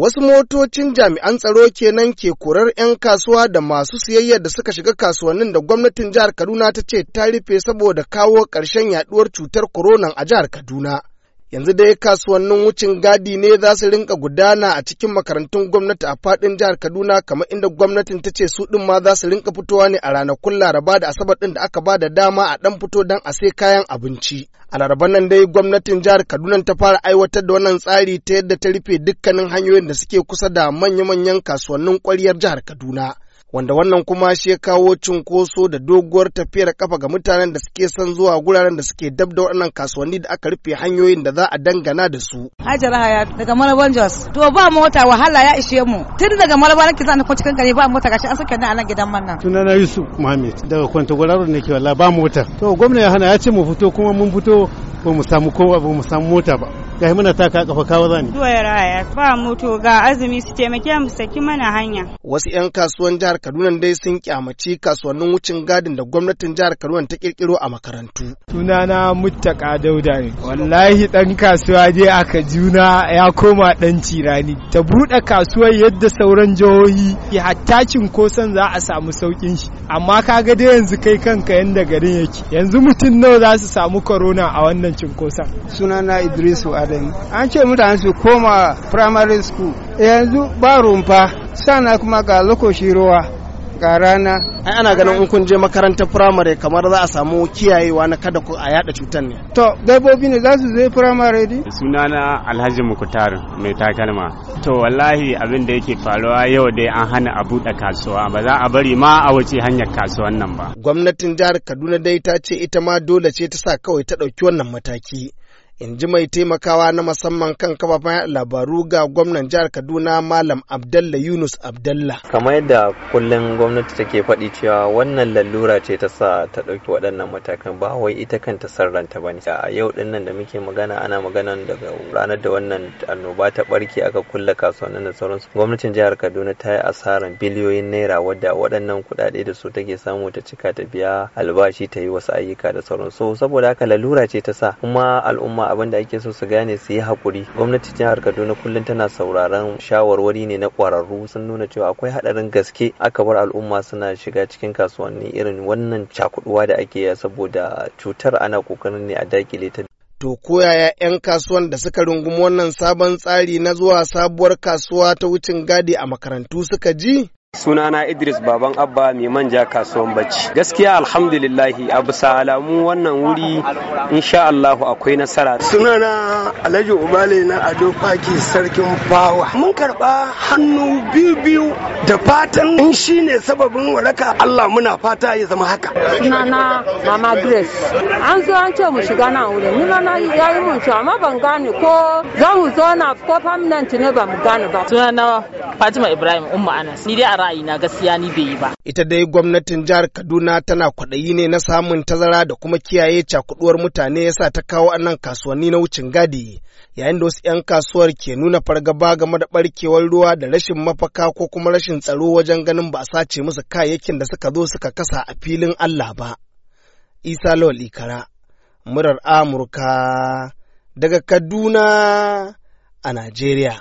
wasu motocin jami'an tsaro kenan ke korar 'yan kasuwa da masu siyayya da suka shiga kasuwannin da gwamnatin jihar Kaduna ta ce ta rufe saboda kawo ƙarshen yaduwar cutar koronan a jihar Kaduna. yanzu dai kasuwannin wucin gadi ne za su rinka gudana a cikin makarantun gwamnati a fadin jihar Kaduna kamar inda gwamnatin ta ce su ɗin ma za su rinka fitowa ne a ranakun Laraba da Asabar ɗin da aka ba da dama a ɗan fito don a sai kayan abinci. A Laraban nan dai gwamnatin jihar Kaduna ta fara aiwatar da wannan tsari ta yadda ta rufe dukkanin hanyoyin da suke kusa da manya-manyan kasuwannin kwaryar jihar Kaduna. wanda wannan kuma shi ya kawo cunkoso da doguwar tafiyar kafa ga mutanen da suke son zuwa guraren da suke dab da waɗannan kasuwanni da aka rufe hanyoyin da za a dangana da su. Hajara Hayat daga Malabar Jos. To ba mota wahala ya ishe mu. Tun daga Malabar nake zan cikin gari ba mota gashi an saka ni a nan gidan man nan. na Yusuf Muhammad daga Kwantagwararo nake wallahi ba mota. To gwamna ya hana ya ce mu fito kuma mun fito ba mu samu kowa ba mu samu mota ba ga muna taka kafa kawo zani zuwa raya ba moto ga azumi su taimake mu saki mana hanya wasu yan kasuwan jihar Kaduna dai sun kyamaci kasuwannin wucin gadin da gwamnatin jihar Kaduna ta kirkiro a makarantu. Sunana Muttaka Dauda ne. Wallahi dan kasuwa je aka juna ya koma dan cirani. Ta buɗe kasuwar yadda sauran jihohi hatta cinkoson za a samu saukin shi. Amma kaga dai yanzu kai kanka yanda garin yake. Yanzu mutum nawa za su samu corona a wannan cinkoson. Sunana Idrisu adani An ce mutane su koma primary school yanzu ba rumfa sana kuma ga lokaci ruwa ga rana ai ana ganin in kun je makarantar firamare kamar za a samu kiyayewa na kada ku a yada cutar ne to dabbobi ne za su zai firamare di sunana alhaji mukutar mai takalma to wallahi abin da yake faruwa yau dai an hana a buɗe kasuwa ba za a bari ma a wuce hanyar kasuwan nan ba gwamnatin jihar kaduna dai ta ce ita ma dole ce ta sa kawai ta ɗauki wannan mataki in ji mai taimakawa na musamman kan kafafen labaru ga gwamnan jihar kaduna malam abdalla yunus abdalla kamar yadda kullum gwamnati take faɗi cewa wannan lalura ce ta sa ta ɗauki waɗannan matakan ba wai ita kan kanta sarranta ba ne a yau ɗin da muke magana ana magana daga ranar da wannan annoba ta ɓarke aka kulle kasuwannin da sauransu gwamnatin jihar kaduna ta yi asaran biliyoyin naira wadda waɗannan kuɗaɗe da su take samu ta cika ta biya albashi ta yi wasu ayyuka da sauransu saboda haka lalura ce ta sa kuma al'umma abin da ake so su gane su yi hakuri gwamnati jihar kaduna kullum tana sauraron shawarwari ne na kwararru sun nuna cewa akwai haɗarin gaske aka bar al'umma suna shiga cikin kasuwanni irin wannan cakuɗuwa da ake yi saboda cutar ana kokarin ne a dakile ta To koyaya 'yan kasuwan da suka rungumi wannan sabon tsari na zuwa sabuwar kasuwa ta wucin gadi a makarantu suka ji? sunana idris baban abba mai manja kasuwan bacci gaskiya alhamdulillahi a bisa alamu wannan wuri insha allahu akwai nasara sunana alhaji umale na ado faki sarkin bawa mun karba hannu biyu biyu da fatan in shine sababin waraka allah muna fata ya zama haka sunana mama grace an zo an ce mu shiga nan wuri ni na yi mun cewa amma ban gane ko za mu zo na ko permanent ne ba mu gane ba sunana fatima ibrahim umma anas ni dai ra'ayina gaskiya ni bai yi ba. Ita dai gwamnatin jihar Kaduna tana kwaɗayi ne na samun tazara da kuma kiyaye cakuduwar mutane yasa ta kawo annan kasuwanni na wucin gadi. Yayin da wasu 'yan kasuwar ke nuna fargaba game da ɓarkewar ruwa da rashin mafaka ko kuma rashin tsaro wajen ganin ba a sace musu kayayyakin da suka zo suka kasa a filin Allah ba. Isa Lawal Ikara, murar Amurka daga Kaduna a Najeriya.